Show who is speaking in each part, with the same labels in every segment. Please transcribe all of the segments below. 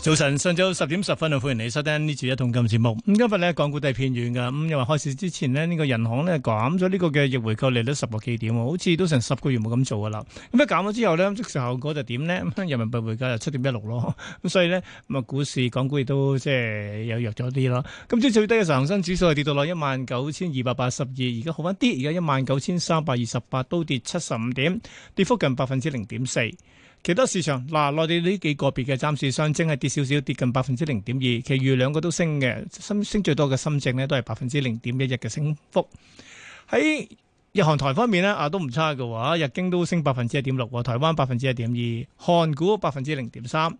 Speaker 1: 早晨，上晝十點十分就歡迎你收聽呢節一桶金節目。咁今日咧，港股都係偏軟嘅。咁因為開市之前咧，這個、呢個銀行咧減咗呢個嘅逆回購利率十個基點，好似都成十個月冇咁做嘅啦。咁一減咗之後咧，即時效果就點呢？人民幣匯價就七點一六咯。咁所以呢，咁啊股市、港股亦都即係又弱咗啲啦。今朝最低嘅恒生指數係跌到落一萬九千二百八十二，而家好翻啲，而家一萬九千三百二十八，都跌七十五點，跌幅近百分之零點四。其他市場嗱，內、啊、地呢幾個別嘅暫時上證係跌少少，跌近百分之零點二。其餘兩個都升嘅，升升最多嘅深證呢都係百分之零點一一日嘅升幅。喺日韓台方面呢啊，都唔差嘅話，日經都升百分之一點六，台灣百分之一點二，韓股百分之零點三。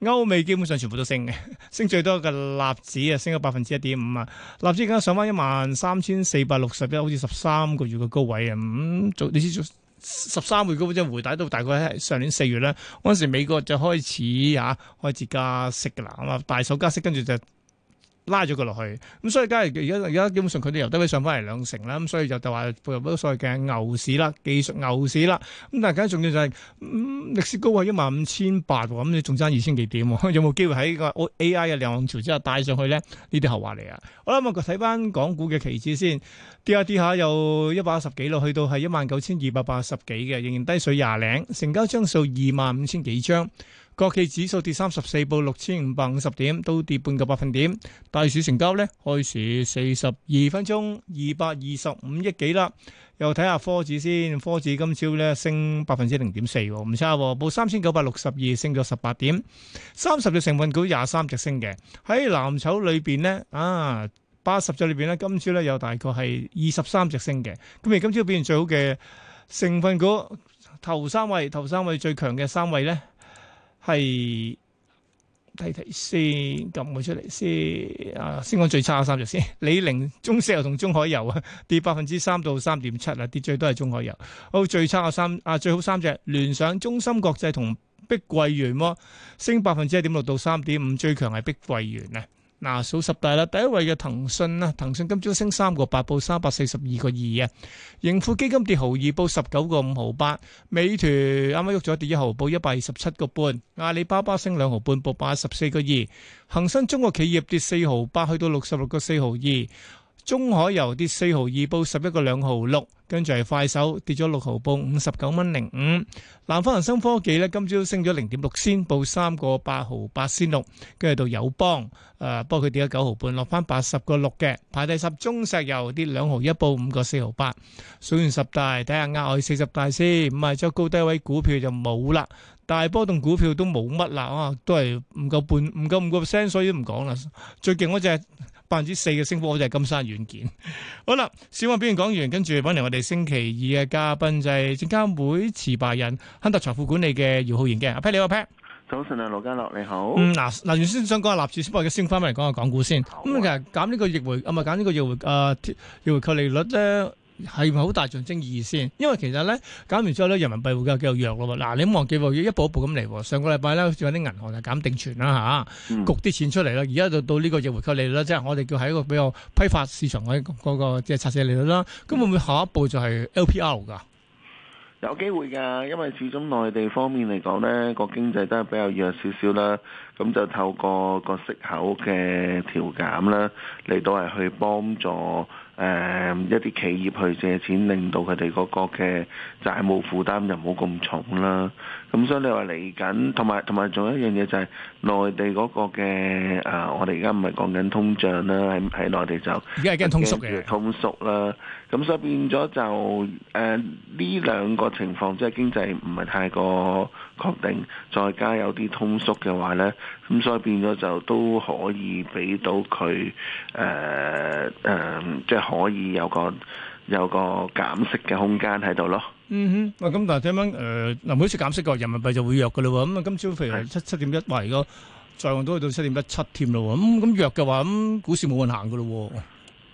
Speaker 1: 歐美基本上全部都升嘅，升最多嘅納指啊，升咗百分之一點五啊，納指而家上翻一萬三千四百六十一，好似十三個月嘅高位啊。咁、嗯、早你知唔十三個月嗰本回底到大概喺上年四月啦。嗰陣時美國就開始吓、啊、開始加息噶啦，咁啊大手加息，跟住就。拉咗佢落去，咁、嗯、所以而家而家基本上佢哋由低位上翻嚟兩成啦，咁、嗯、所以就就話配合咗所謂嘅牛市啦，技術牛市啦。咁但係緊要就係、是嗯、歷史高位一萬五千八喎，咁你仲爭二千幾點？哦嗯、有冇機會喺個 A.I. 嘅浪潮之下帶上去咧？呢啲後話嚟啊！好啦，咁啊睇翻港股嘅期指先，跌下跌下又一百十幾咯，去到係一萬九千二百八十幾嘅，仍然低水廿零，成交張數二萬五千幾張。國企指數，跌三十四，報六千五百五十點，都跌半個百分點。大市成交咧，開市四十二分鐘二百二十五億幾粒。又睇下科指先，科指今朝咧升百分之零點四，唔差喎，報三千九百六十二，升咗十八點。三十隻成分股廿三隻升嘅，喺藍籌裏邊咧，啊八十隻裏邊咧，今朝咧有大概係二十三隻升嘅。咁而今朝表現最好嘅成分股頭三位，頭三位最強嘅三位咧。係睇睇先，撳佢出嚟先。啊，先講最差嘅三隻先。李寧、中石油同中海油啊，跌百分之三到三點七啦，跌最多係中海油。好，最差嘅三啊，最好三隻：聯想、中芯國際同碧桂園。升百分之一點六到三點五，最強係碧桂園啊。嗱，數、啊、十大啦，第一位嘅騰訊啦，騰訊今朝升三個八，報三百四十二個二啊，盈富基金跌毫二，報十九個五毫八，美團啱啱喐咗跌一毫，報一百二十七個半，阿里巴巴升兩毫半，報八十四個二，恒生中國企業跌四毫八，去到六十六個四毫二。中海油跌四毫二，報十一個兩毫六，跟住係快手跌咗六毫，報五十九蚊零五。南方恒生科技咧，今朝升咗零點六仙，報三個八毫八仙六，跟住到友邦，誒、啊，不過佢跌咗九毫半，落返八十個六嘅。排第十，中石油跌兩毫一，報五個四毫八。數完十大，睇下額外四十大先，唔係即係高低位股票就冇啦，大波動股票都冇乜啦，啊，都係唔夠半，唔夠五個 percent，所以都唔講啦。最勁嗰隻。百分之四嘅升幅，好似係金山軟件。好啦，小問表現講完，跟住揾嚟我哋星期二嘅嘉賓，就係證監會持牌人亨達財富管理嘅姚浩然嘅。阿 p a t 你好，阿 p a t
Speaker 2: 早晨啊，羅嘉樂，你好。嗯，嗱、
Speaker 1: 啊、嗱，原、啊、先想講下立柱小不嘅而先翻翻嚟講下港股先。咁呀、嗯、其實減呢個逆回，啊嘛減呢個逆回，啊逆回購利率啫。係咪好大象徵意義先？因為其實咧，減完之後咧，人民幣會比較弱咯。嗱、啊，你唔望幾步，一步一步咁嚟。上個禮拜咧，仲有啲銀行就減定存啦，吓、啊，嗯、焗啲錢出嚟啦。而家就到呢個逆回購利率咧，即、就、係、是、我哋叫喺一個比較批發市場嗰個即係拆借利率啦。咁會唔會下一步就係 LPR 噶？
Speaker 2: 有機會噶，因為始終內地方面嚟講咧，個經濟都係比較弱少少啦。咁就透過個息口嘅調減啦，嚟到係去幫助。誒、嗯、一啲企業去借錢，令到佢哋嗰個嘅債務負擔就冇咁重啦。咁所以你話嚟緊，同埋同埋仲有一樣嘢就係、是、內地嗰個嘅啊！我哋而家唔係講緊通脹啦，喺喺內地就而家係驚通縮嘅通縮啦。咁所以變咗就誒呢、呃、兩個情況，即、就、係、是、經濟唔係太過。確定，再加有啲通縮嘅話咧，咁所以變咗就都可以俾到佢誒誒，即係可以有個有個減息嘅空間喺度咯。嗯
Speaker 1: 哼，喂，咁但係聽翻誒，嗱，每次減息個人民幣就會弱嘅咯喎，咁啊，今朝譬如係七七點一，哇，而家再望都去到七點一七添咯喎，咁咁弱嘅話，咁股市冇運行嘅咯喎。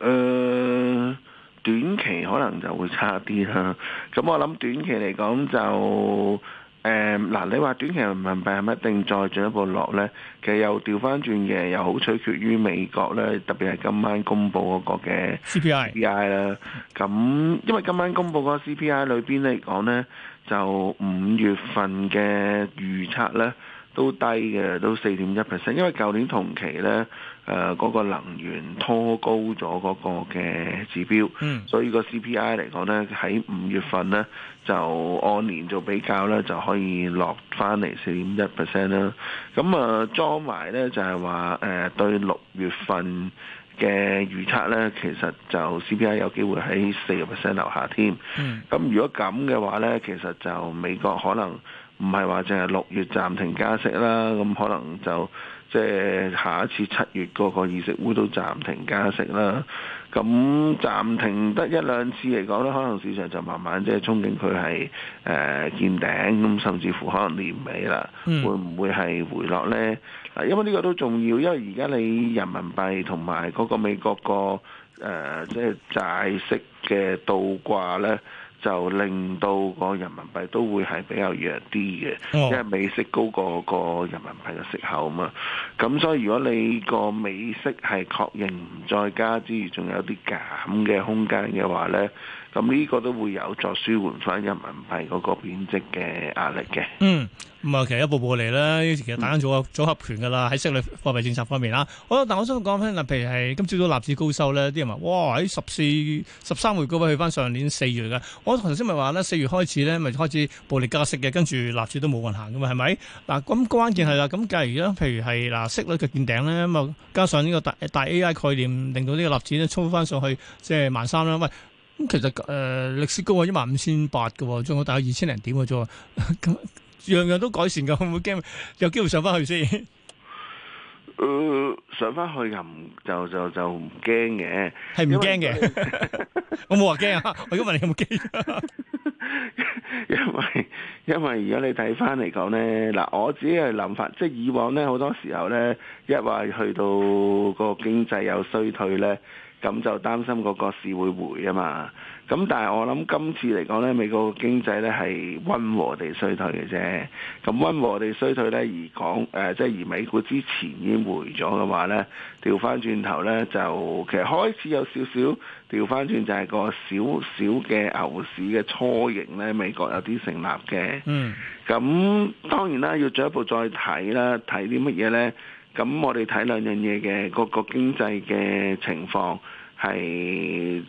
Speaker 2: 誒，短期可能就會差啲啦。咁我諗短期嚟講就。誒嗱、um，你話短期人民幣係咪一定再進一步落呢？其實又調翻轉嘅，又好取決於美國呢。特別係今晚公布嗰個嘅 CPI 啦。咁因為今晚公布個 CPI 裏邊嚟講呢，就五月份嘅預測呢都低嘅，都四點一 percent。因為舊年同期呢，誒、呃、嗰、嗰個能源拖高咗嗰個嘅指標，嗯、所以個 CPI 嚟講呢，喺五月份呢。就按年做比較咧，就可以落翻嚟四點一 percent 啦。咁啊，裝埋咧就係話誒對六月份嘅預測咧，其實就 CPI 有機會喺四個 percent 樓下添。咁、嗯、如果咁嘅話咧，其實就美國可能。唔係話淨係六月暫停加息啦，咁可能就即係、就是、下一次七月嗰個議息會都暫停加息啦。咁暫停得一兩次嚟講呢，可能市場就慢慢即係、就是、憧憬佢係誒見頂，咁甚至乎可能年尾啦，會唔會係回落呢？因為呢個都重要，因為而家你人民幣同埋嗰個美國個誒即係債息嘅倒掛呢。就令到個人民幣都會係比較弱啲嘅，因為美息高過個人民幣嘅息口啊嘛。咁所以如果你個美息係確認唔再加之餘，仲有啲減嘅空間嘅話咧。咁呢個都會有助舒緩翻人民幣嗰個貶值嘅壓力嘅。嗯，
Speaker 1: 咁啊，其實一步步嚟咧，其實打緊組合組合拳噶啦，喺息率貨幣政策方面啦。好，但我想講翻嗱，譬如係今朝早納指高收咧，啲人話哇喺十四十三回高位去翻上年四月嘅。我頭先咪話咧，四月開始咧咪開始暴力加息嘅，跟住納指都冇運行㗎嘛，係咪？嗱，咁關鍵係啦，咁假如咧，譬如係嗱息率嘅見頂咧，咁啊加上呢個大大 AI 概念，令到呢個納指咧衝翻上去，即係萬三啦，喂！其實誒，歷、呃、史高啊，一萬五千八嘅，仲有大概二千零點嘅啫。咁 樣樣都改善噶，會唔會驚有機會上翻去先？
Speaker 2: 呃、上翻去又唔就就就唔驚嘅，
Speaker 1: 係唔驚嘅。我冇話驚啊， 我而家問你有冇驚？
Speaker 2: 因為因為如果你睇翻嚟講咧，嗱，我自己嘅諗法，即係以往咧，好多時候咧，一話去到個經濟有衰退咧。咁就擔心個市會回啊嘛，咁但係我諗今次嚟講呢，美國經濟呢係溫和地衰退嘅啫，咁溫和地衰退呢，而講誒、呃，即係而美股之前已經回咗嘅話呢，調翻轉頭呢，就其實開始有少少調翻轉，就係個小小嘅牛市嘅雛形呢。美國有啲成立嘅。嗯，咁當然啦，要進一步再睇啦，睇啲乜嘢呢？咁我哋睇兩樣嘢嘅，嗰個經濟嘅情況，係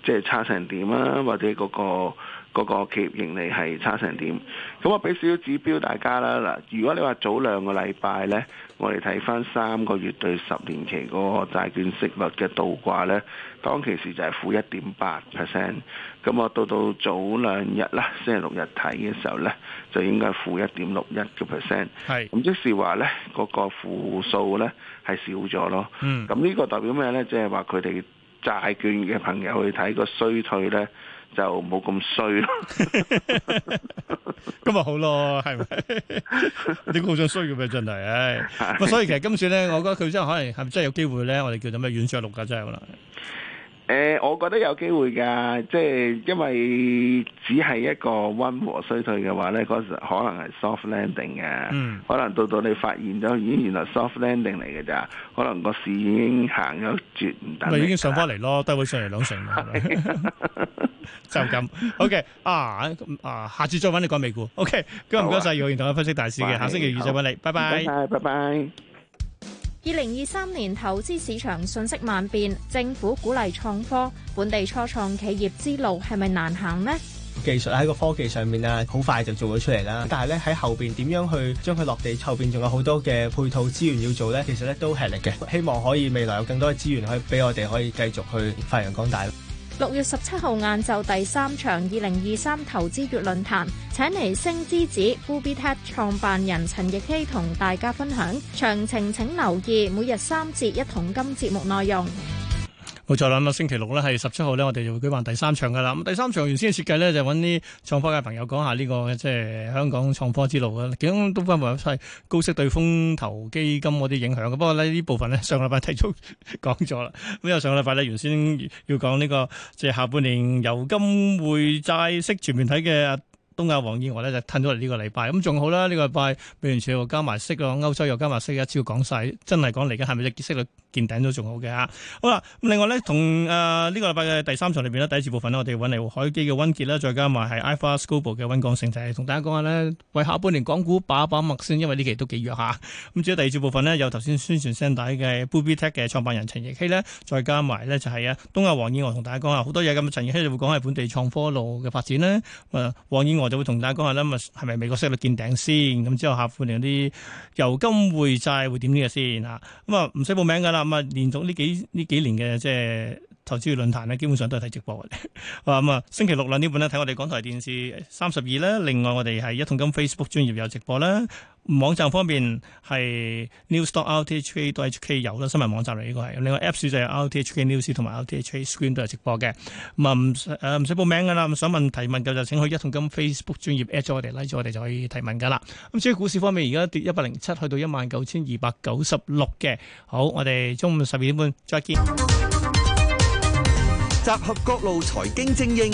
Speaker 2: 即係差成點啊，或者嗰個。嗰個企業盈利係差成點，咁我俾少少指標大家啦。嗱，如果你話早兩個禮拜呢，我哋睇翻三個月對十年期嗰個債券息率嘅倒掛呢，當其時就係負一點八 percent。咁我到到早兩日啦，星期六日睇嘅時候呢，就應該係負一點六一個 percent。係，咁係即是話呢，嗰、嗰個負數呢係少咗咯。咁呢、嗯、個代表咩呢？即係話佢哋債券嘅朋友去睇個衰退呢。就冇咁衰，咁咪 好咯，係咪？ 你咁想衰嘅咩真係？唉、哎，咁
Speaker 1: 所以其實今次咧，我覺得佢真係可能係咪真係有機會咧？我哋叫做咩軟著陸噶真係可能。
Speaker 2: 誒、呃，我覺得有機會噶，即係因為只係一個温和衰退嘅話咧，嗰、那個、時可能係 soft landing 嘅，嗯、可能到到你發現咗，咦，原來 soft landing 嚟嘅咋，可能個市已經行咗絕唔等，咪已經上翻嚟咯，低位了
Speaker 1: 上嚟兩成，
Speaker 2: 就咁。
Speaker 1: OK，啊啊，下次再揾你講美股。OK，今日唔該晒，謝謝姚浩然同我分析大市嘅。拜拜，下星期二再揾你，bye bye bye 拜拜，
Speaker 2: 拜拜。
Speaker 3: 二零二三年投資市場瞬息萬變，政府鼓勵創科，本地初創企業之路係咪難行呢？
Speaker 1: 技術喺個科技上面啊，好快就做咗出嚟啦。但係咧喺後邊點樣去將佢落地？後邊仲有好多嘅配套資源要做呢。其實咧都吃力嘅，希望可以未來有更多嘅資源可以俾我哋可以繼續去發揚
Speaker 3: 光大。六月十七號晏晝第三場二零二三投資月論壇，請嚟星之子 Bubita 創辦人陳奕希同大家分享，詳情請留意每日三節一桶金節目內容。
Speaker 1: 冇錯啦，咁啊星期六咧係十七號咧，我哋就會舉辦第三場噶啦。咁第三場原先嘅設計咧就揾啲創科界朋友講下呢、這個即係香港創科之路啊。其中東方物產係高息對風投基金嗰啲影響。不過咧呢部分咧上個禮拜提早講咗啦。咁因為上個禮拜咧原先要講呢、這個即係、就是、下半年由金匯債息全面睇嘅東亞王燕華咧就褪咗嚟呢個禮拜。咁仲好啦，呢、這個禮拜美元全部加埋息咯，歐洲又加埋息，一朝講晒，真係講嚟緊係咪只結息率？見頂都仲好嘅嚇，好啦，咁另外咧，同誒呢、呃這個禮拜嘅第三場裏邊呢，第一次部分呢，我哋揾嚟海基嘅溫傑啦，再加埋係 i f a s c o p e 嘅溫江勝，就係、是、同大家講下呢，為下半年港股把一把脈先，因為呢期都幾弱嚇。咁至於第二次部分呢，有頭先宣傳聲帶嘅 BUBYTEK 嘅創辦人陳奕希呢，再加埋呢，就係啊東亞黃燕娥同大家講下好多嘢咁。陳奕希就會講係本地創科路嘅發展呢。誒黃燕娥就會同大家講下咧，咪係咪美國息率見頂先？咁之後下半年啲油金匯債會點樣先嚇？咁啊唔使報名㗎啦。咁啊，嗯，連續呢幾呢幾年嘅即係投資論壇咧，基本上都係睇直播嘅。話咁啊，星期六啦呢本咧睇我哋港台電視三十二啦，另外我哋係一桶金 Facebook 專業有直播啦。網站方面係 Newstalk RTHK 都 HK 有啦新聞網站嚟，呢個係另外，Apps 就有 RTHK News 同埋 RTHK Screen 都有直播嘅。咁啊唔誒唔使報名噶啦，咁想問提問嘅就請去一桶金 Facebook 專頁 at 咗我哋，拉住我哋就可以提問噶啦。咁至於股市方面，而家跌一百零七去到一萬九千二百九十六嘅。好，我哋中午十二點半再見。集合各路財經精英，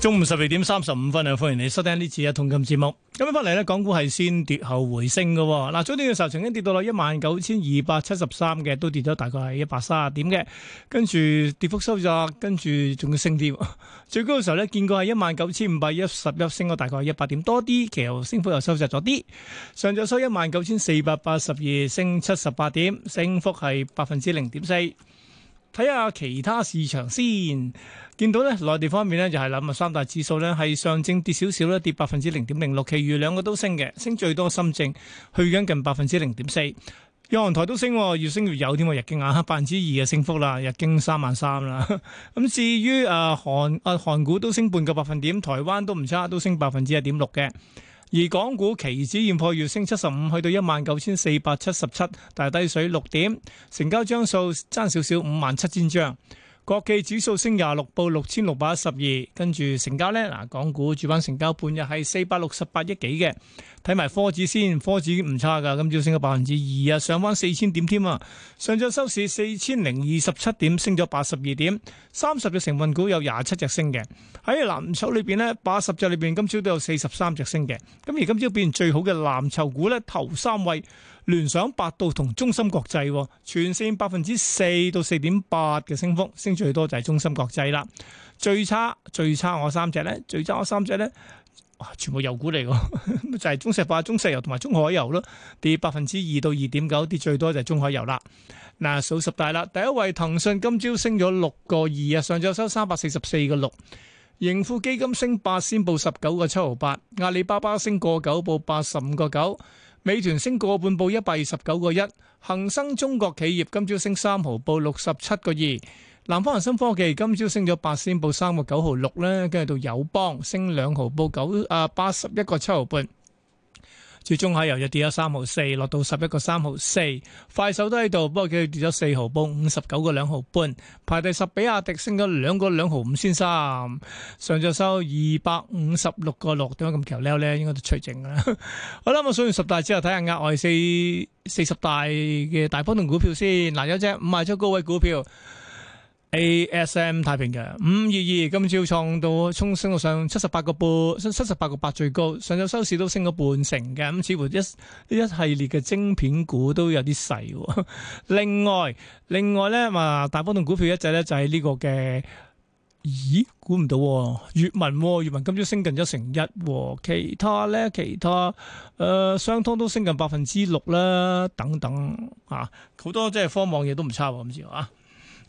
Speaker 1: 中午十二點三十五分，又歡迎你收聽呢次嘅《一桶金》節目。今日翻嚟呢，港股係先跌後回升嘅。嗱，早段嘅時候曾經跌到落一萬九千二百七十三嘅，都跌咗大概係一百三十點嘅。跟住跌幅收窄，跟住仲要升啲。最高嘅時候呢，見過係一萬九千五百一十一，升咗大概一百點多啲。其後升幅又收窄咗啲。上晝收一萬九千四百八十二，升七十八點，升幅係百分之零點四。睇下其他市場先。見到咧，內地方面咧就係諗下三大指數咧，係上證跌少少咧，跌百分之零點零六，其餘兩個都升嘅，升最多深證，去緊近百分之零點四，日韓台都升，越升越有添喎，日經啊百分之二嘅升幅啦，日經三萬三啦，咁 至於啊韓啊韓股都升半個百分點，台灣都唔差，都升百分之一點六嘅，而港股期指現貨月升七十五，去到一萬九千四百七十七，但係低水六點，成交張數爭少少五萬七千張。國企指數升廿六，報六千六百一十二。跟住成交呢，嗱，港股主板成交半日係四百六十八億幾嘅。睇埋科指先，科指唔差噶，今朝升咗百分之二啊，上翻四千點添啊！上晝收市四千零二十七點，升咗八十二點。三十隻成分股有廿七隻升嘅，喺藍籌裏邊呢，八十隻裏邊今朝都有四十三隻升嘅。咁而今朝表現最好嘅藍籌股呢，頭三位。聯想、百度同中芯國際，全線百分之四到四點八嘅升幅，升最多就係中芯國際啦。最差最差我三隻咧，最差我三隻咧，全部油股嚟嘅， 就係中石化、中石油同埋中海油咯，跌百分之二到二點九，跌最多就係中海油啦。嗱，數十大啦，第一位騰訊今朝升咗六個二啊，上晝收三百四十四個六，盈富基金升八仙報十九個七毫八，阿里巴巴升個九報八十五個九。美團升個半，報一百二十九個一；恒生中國企業今朝升三毫，報六十七個二；南方恒生科技今朝升咗八仙，報三個九毫六咧，跟住到友邦升兩毫 9,、啊，報九啊八十一個七毫半。最終喺由日跌咗三毫四落到十一個三毫四，快手都喺度，不過佢跌咗四毫半，五十九個兩毫半，排第十，比亞迪升咗兩個兩毫五先三，上咗收二百五十六個六，點解咁橋呢咧，應該都除淨啦。 好啦，我數完十大之後，睇下額外四四十大嘅大波動股票先。嗱，有隻五賣出高位股票。A S M 太平洋五二二今朝創到沖升到上七十八個半，七十八個八最高，上晝收市都升咗半成嘅。咁似乎一一系列嘅晶片股都有啲細喎。 另外另外咧，嘛大波動股票一隻咧就係呢個嘅咦？估唔到粵文粵文今朝升近一成一，其他咧其他誒，商、呃、通都升近百分之六啦，等等啊，好多即係科網嘢都唔差咁樣啊。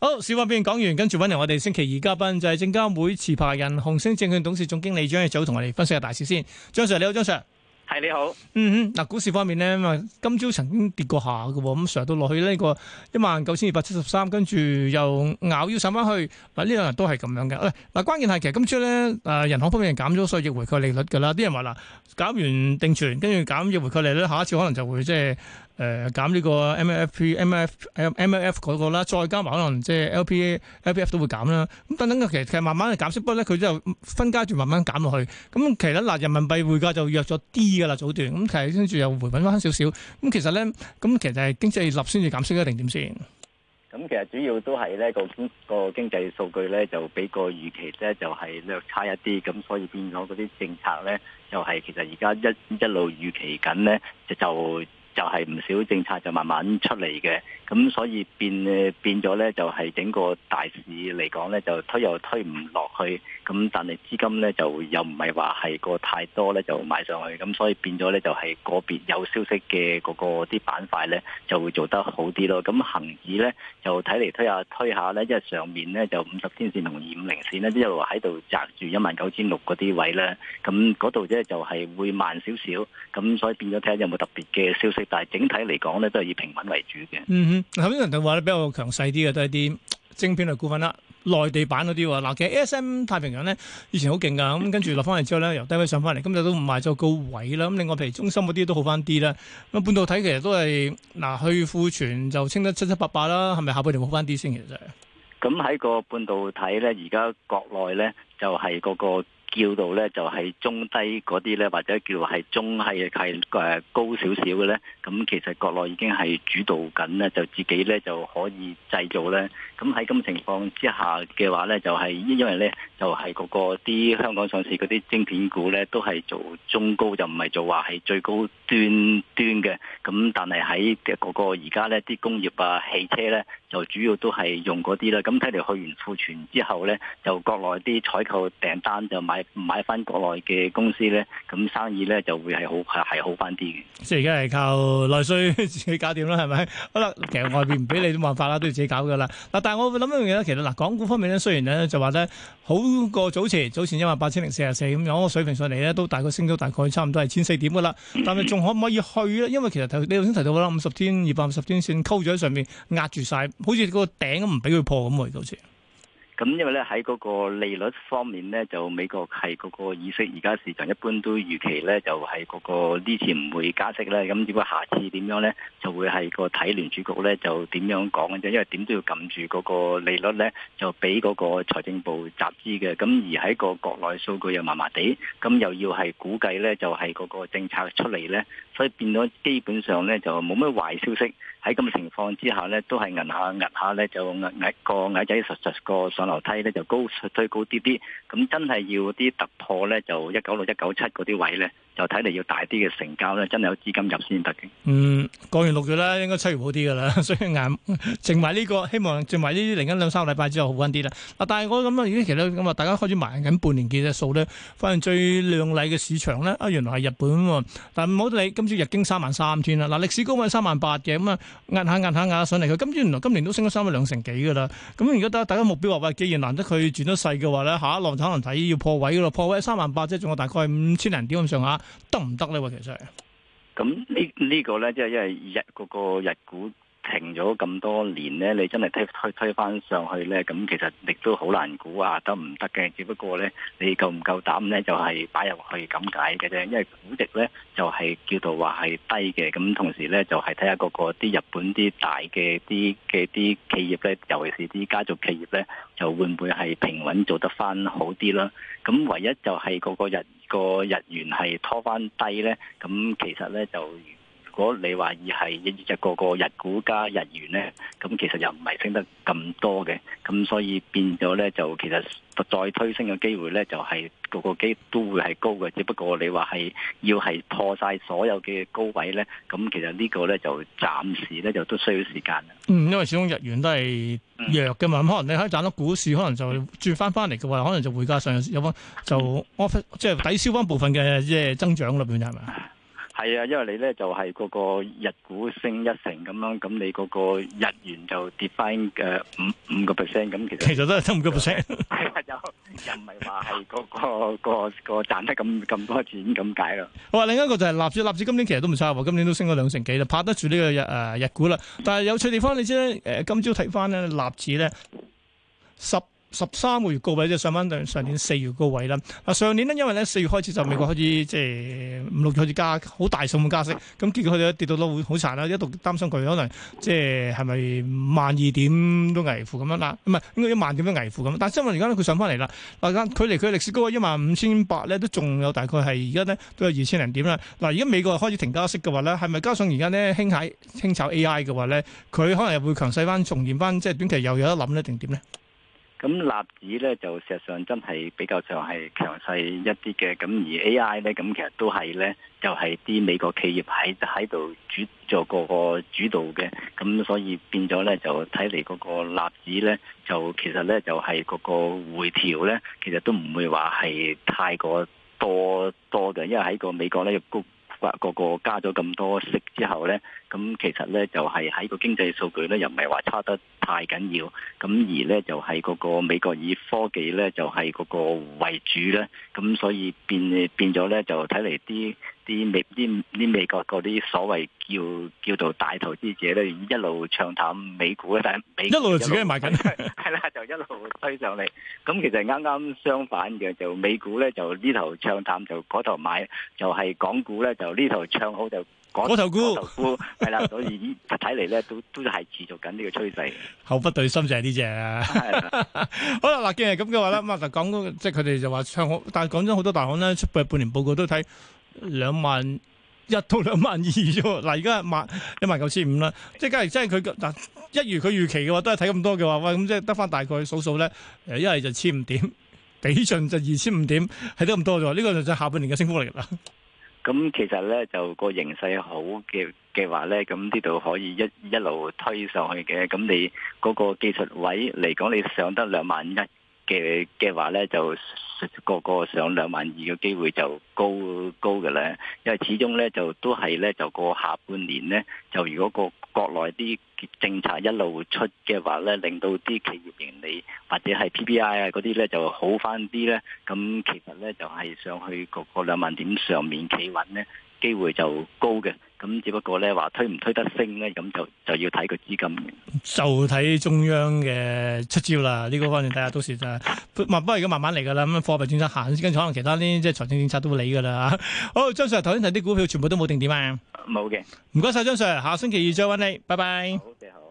Speaker 1: 好，小話片講完，跟住揾嚟我哋星期二嘉賓就係證監會持牌人、紅星證券董事總經理張宇祖，同我哋分析下大市先。張 Sir 你好，張 Sir 係你好。嗯哼，嗱，股市方面呢，今朝曾經跌過下嘅，咁成日都落去呢一個一萬九千二百七十三，跟住又咬腰上翻去，嗱呢兩日都係咁樣嘅。喂、哎，嗱關鍵係其實今朝咧，誒、呃，銀行方面減咗所以逆回購利率噶啦，啲人話嗱，減完定存，跟住減逆回購利率，下一次可能就會即係。誒減呢個 MLF、MLF、MLF 嗰個啦，再加埋可能即係 LPR、LPR 都會減啦。咁等等嘅其實係慢慢嘅減息，不過咧佢就分階段慢慢減落去。咁其實嗱，人民幣匯價就弱咗啲㗎啦，早段咁其實跟住又回穩返少少。咁其實咧，咁其實係經濟立先至減息咧，一定點先？
Speaker 3: 咁其實主要都係咧個個經濟數據咧就比個預期咧就係略差一啲，咁所以變咗嗰啲政策咧就係其實而家一一路預期緊咧就。就係唔少政策就慢慢出嚟嘅，咁所以變變咗咧，就係整個大市嚟講咧，就推又推唔落去，咁但係資金咧就又唔係話係個太多咧，就買上去，咁所以變咗咧就係個別有消息嘅嗰個啲板塊咧就會做得好啲咯。咁恆指咧就睇嚟推下推下咧，即係上面咧就五十天線同二五零線咧，一路喺度紮住一萬九千六嗰啲位咧，咁嗰度咧就係會慢少少，咁所以變咗睇下有冇特別嘅消息。但係整體嚟講咧，都係以平穩為主嘅。
Speaker 1: 嗯哼，頭先人哋話咧比較強勢啲嘅都係啲晶片類股份啦，內地版嗰啲。嗱，其實 ASM 太平洋咧以前好勁噶咁、嗯、哼跟住落翻嚟之後咧由低位上翻嚟，今日都唔賣咗高位啦。咁另外譬如中心嗰啲都好翻啲啦。咁半導體其實都係嗱、啊，去庫存就清得七七八八啦。係咪下半年好翻啲先？其實
Speaker 3: 咁喺個半導體咧，而家國內咧就係、是、個、那個。叫到咧就係中低嗰啲咧，或者叫係中係係誒高少少嘅咧，咁其實國內已經係主導緊咧，就自己咧就可以製造咧。咁喺咁嘅情況之下嘅話咧，就係因為咧就係嗰個啲香港上市嗰啲晶片股咧，都係做中高，就唔係做話係最高端端嘅。咁但係喺嗰個而家咧啲工業啊，汽車咧。就主要都係用嗰啲啦，咁睇嚟去完庫存之後咧，就國內啲採購訂單就買買翻國內嘅公司咧，咁生意咧就會係好係好翻啲嘅。
Speaker 1: 即係而家係靠內需 自己搞掂啦，係咪？好啦，其實外邊唔俾你都冇辦法啦，都要自己搞噶啦。嗱，但係我諗一樣嘢咧，其實嗱，港股方面咧，雖然咧就話咧好過早前，早前一為一萬八千零四十四咁樣，嗰個水平上嚟咧，都大概升到大概差唔多係千四點噶啦，但係仲可唔可以去咧？因為其實提你頭先提到啦，五十天、二百五十天線溝咗喺上面壓住晒。好似個頂都唔俾佢破咁啊！到時，
Speaker 3: 咁因為咧喺嗰個利率方面咧，就美國係嗰個意識，而家市場一般都預期咧就係嗰個呢次唔會加息咧。咁如果下次點樣咧，就會係個睇聯儲局咧就點樣講嘅啫。因為點都要撳住嗰個利率咧，就俾嗰個財政部集資嘅。咁而喺個國內數據又麻麻地，咁又要係估計咧就係嗰個政策出嚟咧，所以變咗基本上咧就冇咩壞消息。喺咁嘅情況之下咧，都係壓下壓下咧，就壓個矮仔，實實個上樓梯呢就高推高啲啲。咁真係要啲突破咧，呢就一九六、一九七嗰啲位咧。睇嚟要大啲嘅成交咧，真係有資金入先得嘅。
Speaker 1: 嗯，過完六月咧，應該七月好啲嘅啦。所以眼淨埋呢個，希望淨埋呢啲，嚟緊兩三個禮拜之後好翻啲啦。嗱、啊，但係我諗啊，而、嗯、家其實咁啊、嗯，大家開始埋緊半年幾隻數咧。發現最靚麗嘅市場咧，啊，原來係日本喎。但係唔好理，今朝日經三萬三千啦。嗱、啊，歷史高位三萬八嘅，咁、嗯、啊，壓下壓下壓，下壓下上嚟佢。今朝原來今年都升咗三個兩成幾嘅啦。咁如果大大家目標話喂，既然難得佢轉得細嘅話咧，下一浪頭可能睇要破位嘅咯。破位三萬八，即係仲有大概五千零點咁上下。得唔得呢？哇、啊，其實，係
Speaker 3: 咁、這個、呢呢個咧，即係因為日嗰、個日股。停咗咁多年咧，你真係推推推翻上去咧，咁其實亦都好難估啊，得唔得嘅？只不過咧，你夠唔夠膽咧，就係擺入去咁解嘅啫。因為估值咧就係、是、叫做話係低嘅，咁同時咧就係睇下嗰個啲日本啲大嘅啲嘅啲企業咧，尤其是啲家族企業咧，就會唔會係平穩做得返好啲啦？咁唯一就係嗰個日個日元係拖返低咧，咁其實咧就。如果你話要係一日個每個日股加日元咧，咁其實又唔係升得咁多嘅，咁所以變咗咧就其實再推升嘅機會咧就係、是、個個機都會係高嘅，只不過你話係要係破晒所有嘅高位咧，咁其實個呢個咧就暫時咧就都需要時間。嗯，
Speaker 1: 因為始終日元都係弱嘅嘛，嗯、可能你可以賺到股市，可能就轉翻翻嚟嘅話，可能就匯價上有方就 off 即係抵消翻部分嘅嘢增長咯，變咗係咪？
Speaker 3: 係啊，因為你咧就係嗰個日股升一成咁樣，咁你嗰個日元就跌翻誒五五個 percent 咁其實，其
Speaker 1: 實都係五個 percent，
Speaker 3: 又又唔係話係嗰個個個賺得咁咁多錢咁解咯。
Speaker 1: 好啊，另一個就係納指，納指今年其實都唔差喎，今年都升咗兩成幾啦，拍得住呢個日誒日股啦。但係有趣地方你知咧，誒今朝睇翻咧納指咧十。十三個月高位啫，上翻上年四月高位啦。嗱，上年呢，因為咧四月開始就美國開始即係五六月開始加好大數目加息，咁結果佢就跌到都好殘啦，一度擔心佢可能即係係咪萬二點都危乎咁樣啦？唔係應該一萬點都危乎咁。但係因為而家佢上翻嚟啦，嗱，佢離佢歷史高位一萬五千八咧，都仲有大概係而家呢都有二千零點啦。嗱，而家美國開始停加息嘅話咧，係咪加上而家呢輕輕炒 A.I. 嘅話咧，佢可能又會強勢翻，重現翻即係短期又有得諗咧，定點咧？
Speaker 3: 咁納指咧就事實上真係比較上係強勢一啲嘅，咁而 A.I. 咧咁其實都係咧，就係啲美國企業喺喺度主做個個主導嘅，咁所以變咗咧就睇嚟嗰個納指咧就其實咧就係嗰個回調咧，其實都唔會話係太過多多嘅，因為喺個美國咧個個個加咗咁多息之後咧，咁其實咧就係喺個經濟數據咧又唔係話差得太緊要，咁而咧就係、是、嗰個美國以科技咧就係、是、嗰個為主咧，咁所以變變咗咧就睇嚟啲啲美啲啲美國嗰啲所謂叫叫做大投資者咧，一路唱淡美股咧，但美一路自己買緊，係啦， 就一路推上嚟。咁其實啱啱相反嘅，就美股咧就呢頭唱淡，就嗰頭買，就係、是、港股咧就呢頭唱好就，嗰頭股，係啦，所以依睇嚟咧都都係持續緊呢個趨勢。
Speaker 1: 口不對心就係啲啫。 好啦，嗱，既然咁嘅話啦，咁啊頭講嗰，即係佢哋就話唱好，但係講真，好多大行咧出半半年報告都睇兩萬一到兩萬二啫喎。嗱，而家萬一萬九千五啦，即係假如真係佢嗱一如佢預期嘅話，都係睇咁多嘅話，喂，咁即係得翻大概數數咧，誒，一係就千五點，比盡就二千五點，係得咁多啫。呢、呢個就係下半年嘅升幅嚟啦。
Speaker 3: 咁其實咧，就個形勢好嘅嘅話咧，咁呢度可以一一路推上去嘅。咁你嗰個技術位嚟講，你上得兩萬一。嘅嘅話咧，就個個上兩萬二嘅機會就高高嘅咧，因為始終咧就都係咧就個下半年咧，就如果個國內啲政策一路出嘅話咧，令到啲企業盈利或者係 PPI 啊嗰啲咧就好翻啲咧，咁其實咧就係上去個個兩萬點上面企穩咧。機會就高嘅，咁只不過咧話推唔推得升咧，咁就就要睇個資金。
Speaker 1: 就睇中央嘅出招啦，呢、這個方面，睇下到時，就不過而家慢慢嚟噶啦。咁貨幣政策行，跟住可能其他啲即係財政政策都會理噶啦。 好，張 Sir 頭先睇啲股票全部都冇定點啊，冇嘅的。唔該晒張 Sir，下星期
Speaker 3: 二再揾你，拜拜。好，謝謝好。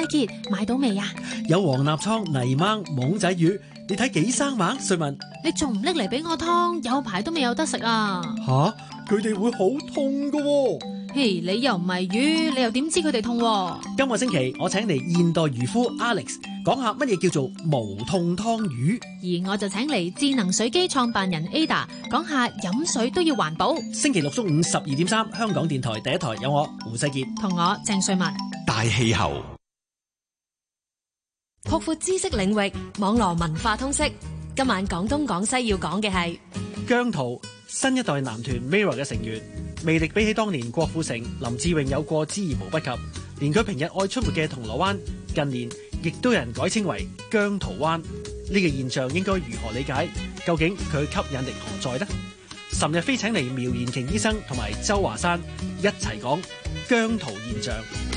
Speaker 3: 西杰買到未啊？有黃立倉、泥蜢、網仔魚。你睇幾生猛，啊，瑞文，你仲唔拎嚟俾我劏，有排都未有得食啊！吓，啊，佢哋會好痛噶，啊！嘿，hey, 你又唔係魚，你又點知佢哋痛，啊？今個星期我請嚟現代漁夫 Alex 講下乜嘢叫做無痛劏魚，而我就請嚟智能水機創辦人 Ada 講下飲水都要環保。星期六中午十二點三，3, 香港電台第一台有我胡世杰同我鄭瑞文大氣候。
Speaker 4: 擴闊知識領域，網羅文化通識。今晚廣東廣西要講嘅係
Speaker 3: 姜濤，新一代男團 Mirror 嘅成員，魅力比起當年郭富城、林志穎有過之而無不及。連佢平日愛出沒嘅銅鑼灣，近年亦都有人改稱為姜濤灣。呢、這個現象應該如何理解？究竟佢吸引力何在呢？尋日飛請嚟苗延瓊醫生同埋周華山一齊講。姜濤現象，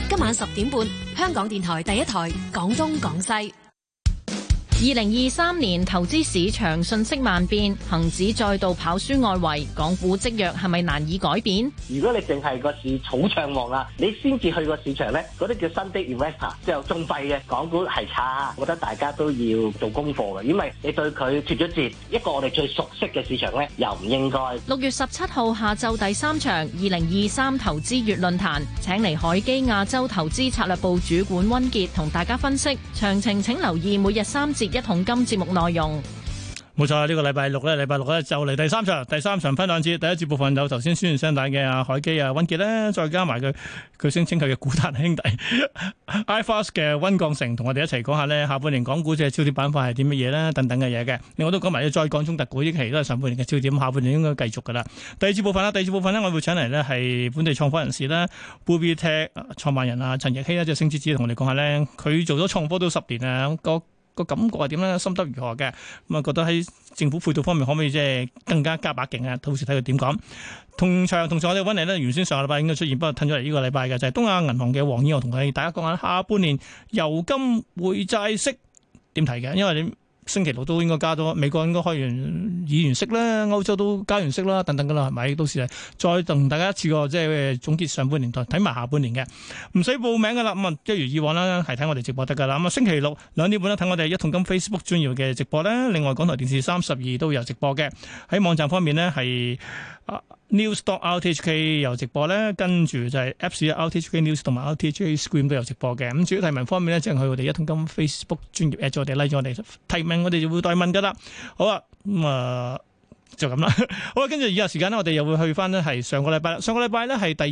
Speaker 4: 今晚十點半，香港電台第一台，講東講西。二零二三年投資市場信息萬變，恒指再度跑輸外圍，港股積弱係咪難以改變？
Speaker 3: 如果你淨係個市草唱望啊，你先至去個市場呢，嗰啲叫新啲 investor，就中幣嘅港股係差，我覺得大家都要做功課嘅，因為你對佢脫咗節，一個我哋最熟悉嘅市場呢，又唔應該。
Speaker 4: 六月十七號下晝第三場二零二三投資月論壇，請嚟海基亞洲投資策略部主管溫杰同大家分析，詳情請留意每日三節。一桶金節目內容
Speaker 1: 冇錯，呢、這個禮拜六咧，禮拜六咧就嚟第三場，第三場分兩節，第一節部分有頭先宣傳商蛋嘅阿凱基啊，溫杰咧，再加埋佢佢聲稱佢嘅股壇兄弟 iFast 嘅溫鋼城，同我哋一齊講下呢下半年港股即係焦點板塊係點乜嘢啦，等等嘅嘢嘅。另我都講埋要再講中特股，依期都係上半年嘅焦點，下半年應該繼續噶啦。第二節部分啦，第二節部分咧，我會請嚟呢係本地創科人士啦，Bull.B Tech 創辦人啊陳易希啦，即係星之子子同我哋講下呢，佢做咗創科都十年啊，那個個感覺係點咧？心得如何嘅咁啊？覺得喺政府配套方面可唔可以即係更加加把勁啊？到時睇佢點講。同場同場，我哋揾嚟咧，原先上個禮拜應該出現，不過褪咗嚟呢個禮拜嘅就係、是、東亞銀行嘅黃燕娥，我同佢大家講下下半年油金匯債息點睇嘅，因為你。星期六都應該加咗，美國應該開完議息啦，歐洲都加完息啦，等等噶啦，係咪？到時再同大家一次過，即係總結上半年台，睇埋下半年嘅，唔使報名㗎喇。咁、嗯、啊，一如以往啦，係睇我哋直播得㗎喇。咁、嗯、啊，星期六兩點半呢睇我哋一桶金 Facebook 專頁嘅直播呢，另外港台電視三十二都有直播嘅，喺網站方面呢，係。Uh, news dot RTHK 有直播咧，跟住就係 Apps 嘅 RTHK news 同埋 RTHK screen 都有直播嘅。咁、嗯、主要提問方面咧，就係我哋一桶金 Facebook 專業 at 我哋拉咗我哋、like、提問，我哋就會代問㗎喇。好啊，咁、嗯、啊。呃就咁啦， 好啦，跟住以下時間咧，我哋又會去翻咧，係上個禮拜啦。上個禮拜咧係第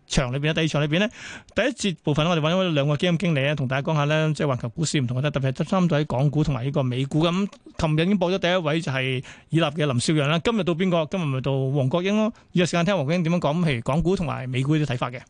Speaker 1: 二場裏邊啦，第二場裏邊咧第一節部分我哋揾咗兩個基金經理咧，同大家講下咧，即係環球股市唔同咧，特別係針對喺港股同埋呢個美股咁。琴日已經播咗第一位就係以立嘅林少陽啦，今日到邊個？今日咪到黃國英咯。以下時間聽黃國英點樣講，譬如港股同埋美股呢啲睇法嘅。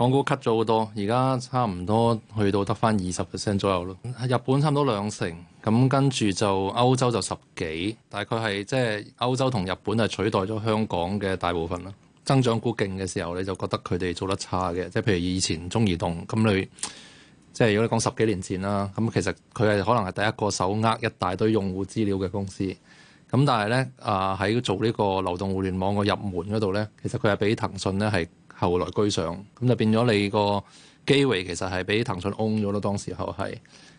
Speaker 4: 港股 cut 咗好多，而家差唔多去到得返二十 percent 左右咯。日本差唔多兩成，咁跟住就歐洲就十幾，大概係即係歐洲同日本係取代咗香港嘅大部分啦。增長股勁嘅時候，你就覺得佢哋做得差嘅，即係譬如以前中移動，咁你，即係如果你講十幾年前啦，咁其實佢係可能係第一個手握一大堆用戶資料嘅公司，咁但係咧啊喺做呢個流動互聯網個入門嗰度咧，其實佢係比騰訊咧係後來居上，咁就變咗你個機會其實係俾騰訊 own 咗咯。當時候係，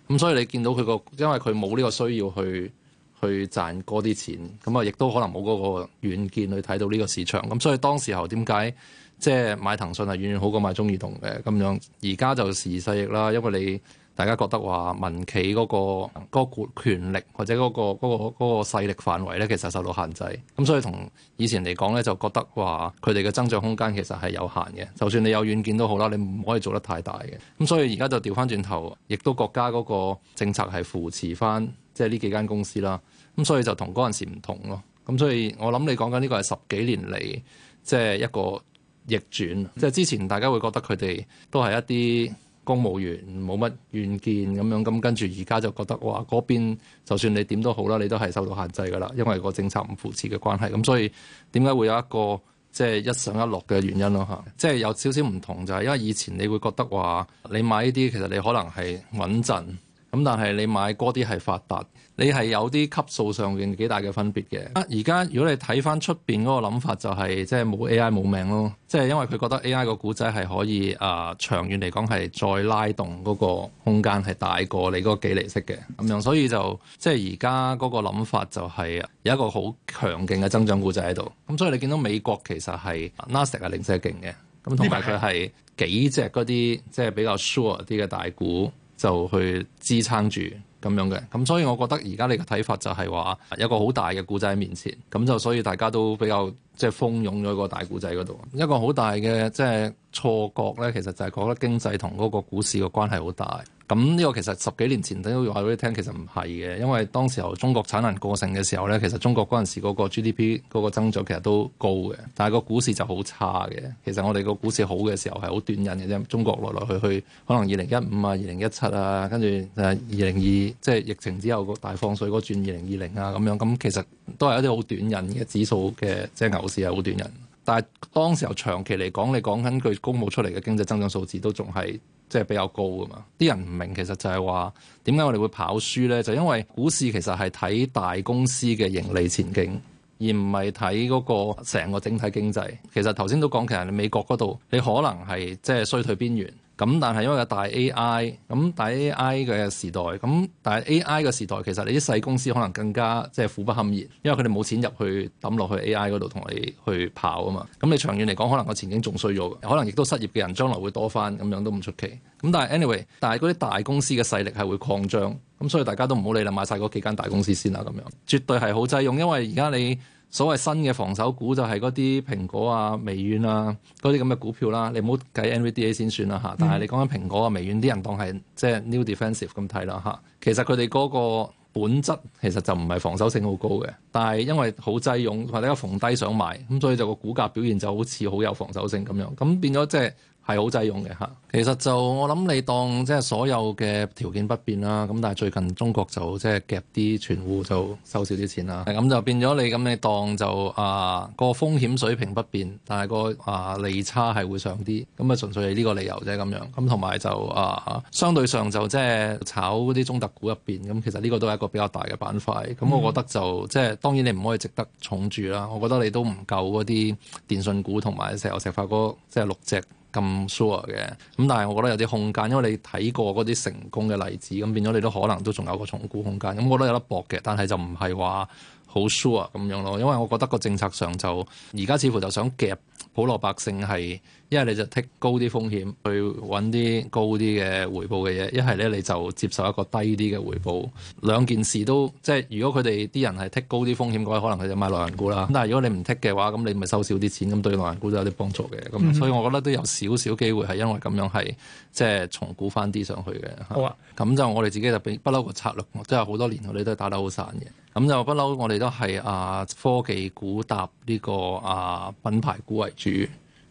Speaker 4: 咁所以你見到佢個，因為佢冇呢個需要去去賺嗰啲錢，咁啊亦都可能冇嗰個遠見去睇到呢個市場。咁所以當時候點解即係買騰訊係遠遠好過買中移動嘅咁樣？而家就時勢易啦，因為你。大家覺得話民企嗰個嗰個權力或者嗰個嗰個嗰個勢力範圍呢，其實受到限制，咁所以同以前嚟講呢，就覺得話佢哋嘅增長空間其實係有限嘅。就算你有軟件都好啦，你唔可以做得太大嘅。咁所以而家就調翻轉頭，亦都國家嗰個政策係扶持翻，即係呢幾間公司啦。咁所以就同嗰陣時唔同咯。咁所以我諗你講緊呢個係十幾年嚟，即係一個逆轉。即係之前大家會覺得佢哋都係一啲公務員冇乜遠見咁樣，咁跟住而家就覺得哇，嗰邊就算你點都好啦，你都係受到限制㗎喇，因為個政策唔扶持嘅關係，咁所以點解會有一個即係、就是、一上一落嘅原因咯吓？即、啊、係、就是、有少少唔同就係、是、因為以前你會覺得話你買呢啲其實你可能係穩陣。咁但係你買嗰啲係發達，你係有啲級數上面幾大嘅分別嘅。啊，而家如果你睇翻出面嗰個諗法、就是，就係即係冇 A I 冇命咯，即係因為佢覺得 A I 個股仔係可以啊、呃、長遠嚟講係再拉動嗰個空間係大過你嗰個幾釐息嘅咁樣，所以就即係而家嗰個諗法就係有一個好強勁嘅增長股仔喺度。咁、嗯、所以你見到美國其實係 Nasdaq 零舍勁嘅，咁同埋佢係幾隻嗰啲即係比較 s u r e 啲嘅大股。就去支撐住咁樣嘅，咁所以我覺得而家你嘅睇法就係話有個好大嘅故仔喺面前，咁就所以大家都比較即係、即係、蜂擁咗個大故仔嗰度，一個好大嘅即係。即係錯覺咧，其實就係覺得經濟同嗰個股市個關係好大。咁、嗯、呢、這個其實十幾年前等於話俾你聽，其實唔係嘅，因為當時候中國產能過剩嘅時候咧，其實中國嗰陣時嗰個 GDP 嗰個增長其實都高嘅，但係個股市就好差嘅。其實我哋個股市好嘅時候係好短癮嘅，啫。中國來來去去，可能二零一五啊、二零一七啊，跟住誒二零二，即係疫情之後個大放水嗰轉二零二零啊咁樣。咁、嗯、其實都係一啲好短癮嘅指數嘅，即、就、係、是、牛市係好短癮。但係當時候長期嚟講，你講緊佢公佈出嚟嘅經濟增長數字都仲係即係比較高㗎嘛？啲人唔明其實就係話點解我哋會跑輸咧？就因為股市其實係睇大公司嘅盈利前景，而唔係睇嗰個成個整體經濟。其實頭先都講，其實你美國嗰度你可能係即係衰退邊緣。咁但係因為有大 AI 咁大 AI 嘅時代，咁大 AI 嘅時代其實你啲細公司可能更加即係、就是、苦不堪言，因為佢哋冇錢入去抌落去 AI 嗰度同你去跑啊嘛。咁你長遠嚟講，可能個前景仲衰咗，可能亦都失業嘅人將來會多返，咁樣都唔出奇。咁但係 anyway，但係嗰啲大公司嘅勢力係會擴張，咁所以大家都唔好理啦，買晒嗰幾間大公司先啦。咁樣絕對係好擠用，因為而家你。所謂新嘅防守股就係嗰啲蘋果啊、微軟啊嗰啲咁嘅股票啦，你唔好計 NVDA 先算啦嚇。但係你講緊蘋果啊、微軟啲人當係即係 new defensive 咁睇啦嚇。其實佢哋嗰個本質其實就唔係防守性好高嘅，但係因為好擠擁或者逢低想買，咁所以就個股價表現就好似好有防守性咁樣，咁變咗即係。係好制用嘅吓，其實就我諗你當即係所有嘅條件不變啦，咁但係最近中國就即係夾啲存戶就收少啲錢啦，咁就變咗你咁你當就是，啊、個風險水平不變，但係，個啊利差係會上啲，咁啊純粹係呢個理由啫咁樣，咁同埋就啊相對上就即係炒啲中特股入邊，咁其實呢個都係一個比較大嘅板塊，咁，嗯，我覺得就即係當然你唔可以值得重注啦，我覺得你都唔夠嗰啲電信股同埋石油石化嗰即係六隻。咁 sure 嘅，咁但係我覺得有啲空間，因為你睇過嗰啲成功嘅例子，咁變咗你都可能都仲有個重估空間，咁、嗯、我覺得有得搏嘅，但係就唔係話好 sure 咁樣咯，因為我覺得個政策上就而家似乎就想夾普羅百姓係。一係你就剔高啲風險去揾啲高啲嘅回報嘅嘢，一係咧你就接受一個低啲嘅回報。兩件事都即係，如果佢哋啲人係剔高啲風險嘅話，可能佢就買內人股啦。咁但係如果你唔剔嘅話，咁你咪收少啲錢，咁對內人股都有啲幫助嘅。咁、嗯、哼所以我覺得都有少少機會係因為咁樣係即係重估翻啲上去嘅。好啊，咁就我哋自己就不嬲個策略，即係好多年你都係打得好散嘅。咁就不嬲，我哋都係啊科技股搭呢、這個啊品牌股為主。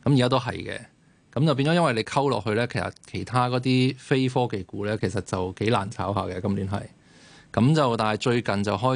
Speaker 4: 咁而家都係嘅，咁就變咗，因為你溝落去呢。其實其他嗰啲非科技股呢，其實就幾難炒下嘅。今年係，咁就但係最近就開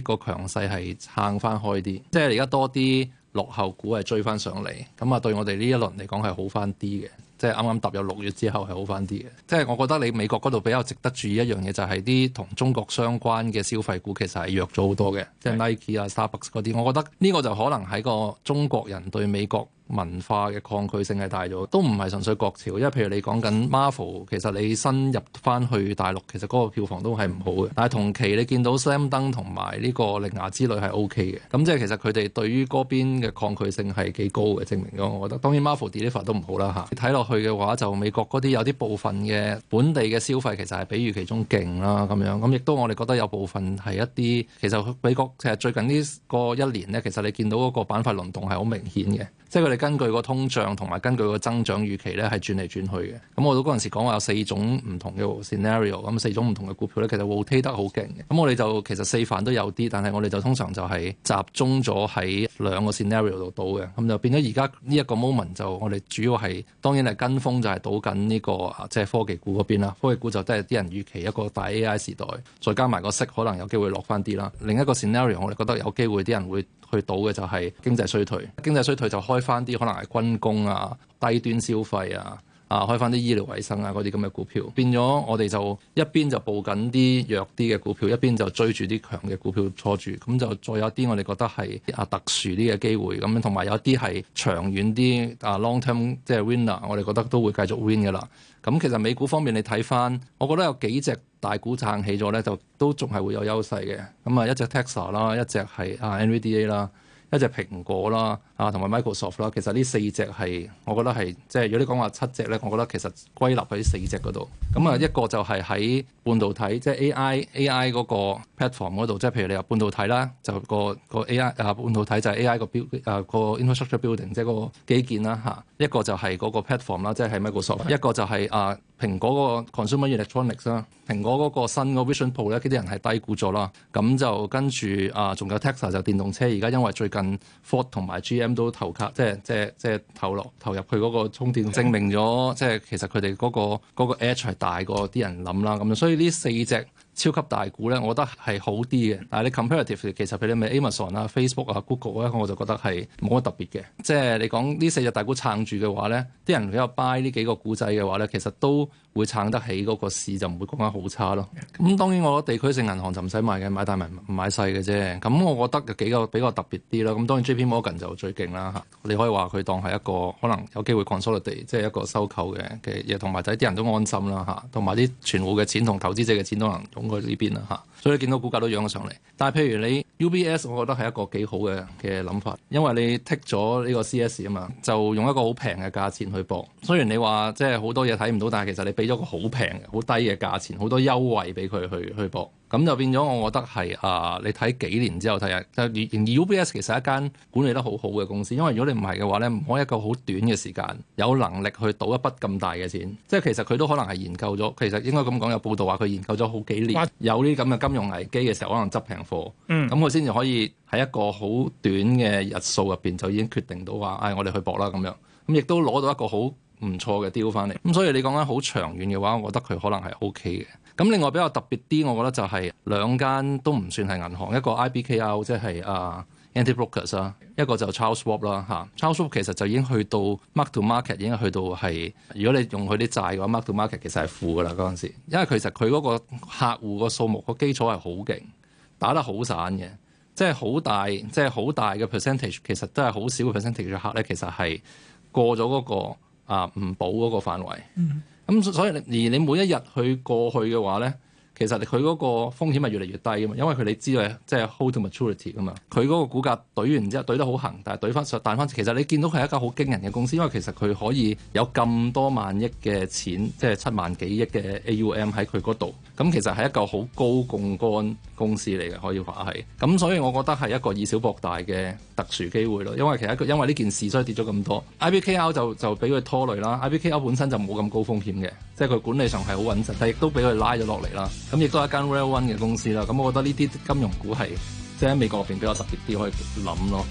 Speaker 4: 始個強勢係撐翻開啲，即係而家多啲落後股係追翻上嚟。咁啊，對我哋呢一輪嚟講係好翻啲嘅，即係啱啱踏入六月之後係好翻啲嘅。即係我覺得你美國嗰度比較值得注意一樣嘢，就係啲同中國相關嘅消費股其實係弱咗好多嘅，的即係 Nike 啊、Starbucks 嗰啲。我覺得呢個就可能喺個中國人對美國文化嘅抗拒性係大咗，都唔係純粹國潮，因為譬如你講緊 Marvel，其實你深入翻去大陸，其實嗰個票房都係唔好嘅。但係同期你見到、OK《Sam、嗯、燈》同埋呢個《力牙之旅》係 OK 嘅，咁即係其實佢哋對於嗰邊嘅抗拒性係幾高嘅，證明咗我覺得。當然 Marvel Deliver 都唔好啦、啊、你睇落去嘅話，就美國嗰啲有啲部分嘅本地嘅消費其實係比預期中勁啦，咁樣咁亦、嗯、都我哋覺得有部分係一啲其實美國其實最近呢個一年呢，其實你見到嗰個板塊輪動係好明顯嘅。即係佢哋根據個通脹同埋根據個增長預期咧，係轉嚟轉去嘅。咁、嗯、我都嗰陣時講話有四種唔同嘅 scenario，咁四種唔同嘅股票咧，其實 volatility 得好勁嘅。咁、嗯、我哋就其實四範都有啲，但係我哋就通常就係集中咗喺兩個 scenario 度賭嘅，咁、嗯、就變咗而家呢一個 moment 就我哋主要係當然係跟風就、這個，就係賭緊呢個即係科技股嗰邊啦。科技股就都係啲人預期一個大 AI 時代，再加埋個息可能有機會落翻啲啦。另一個 scenario 我哋覺得有機會啲人會去賭嘅就係經濟衰退，經濟衰退就開，開翻啲可能係軍工啊、低端消費啊、啊開翻啲醫療衛生啊嗰啲咁嘅股票，變咗我哋就一邊就報緊啲弱啲嘅股票，一邊就追住啲強嘅股票坐住，咁就再有啲我哋覺得係啊特殊啲嘅機會，咁同埋有啲係長遠啲啊 long term 即係 winner，我哋覺得都會繼續 win 噶啦。咁其實美股方面你睇翻，我覺得有幾隻大股撐起咗咧，就都仲係會有優勢嘅。咁啊，一隻 Tesla 啦，一隻係啊 NVDA 啦。一隻蘋果啦，啊，同埋 Microsoft 啦，其實呢四隻係我覺得係即係如果你講話七隻咧，我覺得其實歸納喺四隻嗰度。咁啊，一個就係喺半導體，即係 AI，AI 嗰個 platform 嗰度，即係譬如你入半導體啦，就個個 AI 啊半導體就係 AI 個 build 啊個 infrastructure building 即係個基建啦吓、啊，一個就係嗰個 platform 啦，即係喺 Microsoft。一個就係、是、啊蘋果個 consumer electronics 啦，蘋果嗰個、啊、新個 Vision Pro 咧，啲人係低估咗啦。咁就跟住啊，仲有 Tesla 就電動車，而家因為最近。近 Ford 同埋 GM 都投卡，即係即係即係投落投入佢嗰個充電 證明咗即係其實佢哋嗰個嗰個 edge 係大過啲人諗啦。咁所以呢四隻。超級大股咧，我覺得係好啲嘅。但係你 comparative 其實比你咪 Amazon 啦、Facebook 啊、Google 咧，我就覺得係冇乜特別嘅。即係你講呢四隻大股撐住嘅話咧，啲人比較 buy 呢幾個股仔嘅話咧，其實都會撐得起嗰個市，就唔會講得好差咯。咁當然我覺得地區性銀行就唔使買嘅，買大唔買細嘅啫。咁我覺得有幾個比較特別啲啦。咁當然 JP Morgan 就最勁啦嚇。你可以話佢當係一個可能有機會 consolidate，即係一個收購嘅嘅嘢，同埋睇啲人都安心啦嚇。同埋啲存戶嘅錢同投資者嘅錢都能用。我呢邊啦哈。 所以你見到股價都揚咗上嚟，但係譬如你 UBS，我覺得係一個幾好嘅嘅諗法，因為你剔咗呢個 CS 啊嘛，就用一個好平嘅價錢去搏。雖然你話即係好多嘢睇唔到，但係其實你俾咗個好平、好低嘅價錢，好多優惠俾佢去去搏，咁就變咗我覺得係啊！你睇幾年之後睇下就 UBS 其實一間管理得好好嘅公司，因為如果你唔係嘅話咧，唔可以一個好短嘅時間有能力去賭一筆咁大嘅錢，即係其實佢都可能係研究咗，其實應該咁講有報道話佢研究咗好幾年，有呢咁嘅金。用危機嘅時候，可能執平貨，咁佢先至可以喺一個好短嘅日數入邊就已經決定到話，唉、哎，我哋去搏啦咁樣，咁亦都攞到一個好唔錯嘅 deal 翻嚟。咁所以你講緊好長遠嘅話，我覺得佢可能係 OK 嘅。咁另外比較特別啲，我覺得就係兩間都唔算係銀行，一個 IBKR 即係啊。anti-brokers 啊，Anti kers, 一個就 Charles Schwab 啦嚇，Charles Schwab 其實就已經去到 mark-to-market 已經去到係如果你用佢啲債嘅話 mark-to-market 其實係負嘅啦嗰陣時，因為其實佢嗰個客戶個數目個基礎係好勁，打得好散嘅，即係好大，即係好大嘅 percentage，其實都係好少嘅 percentage 嘅客咧，其實係過咗嗰、那個啊唔保嗰個範圍。咁、mm hmm. 嗯、所以而你每一日去過去嘅話咧。其實佢嗰個風險係越嚟越低嘅嘛，因為佢你知道即係、就是、hold to maturity 啊嘛，佢嗰個股價懟完之後懟得好恆，但係懟翻但翻，其實你見到佢係一間好驚人嘅公司，因為其實佢可以有咁多萬億嘅錢，即係七萬幾億嘅 AUM 喺佢嗰度，咁、嗯、其實係一個好高槓桿公司嚟嘅，可以話係。咁、嗯、所以我覺得係一個以小博大嘅特殊機會咯，因為其實因為呢件事所以跌咗咁多，IBKR 就就俾佢拖累啦，IBKR 本身就冇咁高風險嘅，即係佢管理上係好穩陣，但亦都俾佢拉咗落嚟啦。咁亦都係一間 Rail One 嘅公司啦，咁我覺得呢啲金融股係即係喺美國嗰邊比較特別啲，可以去諗咯。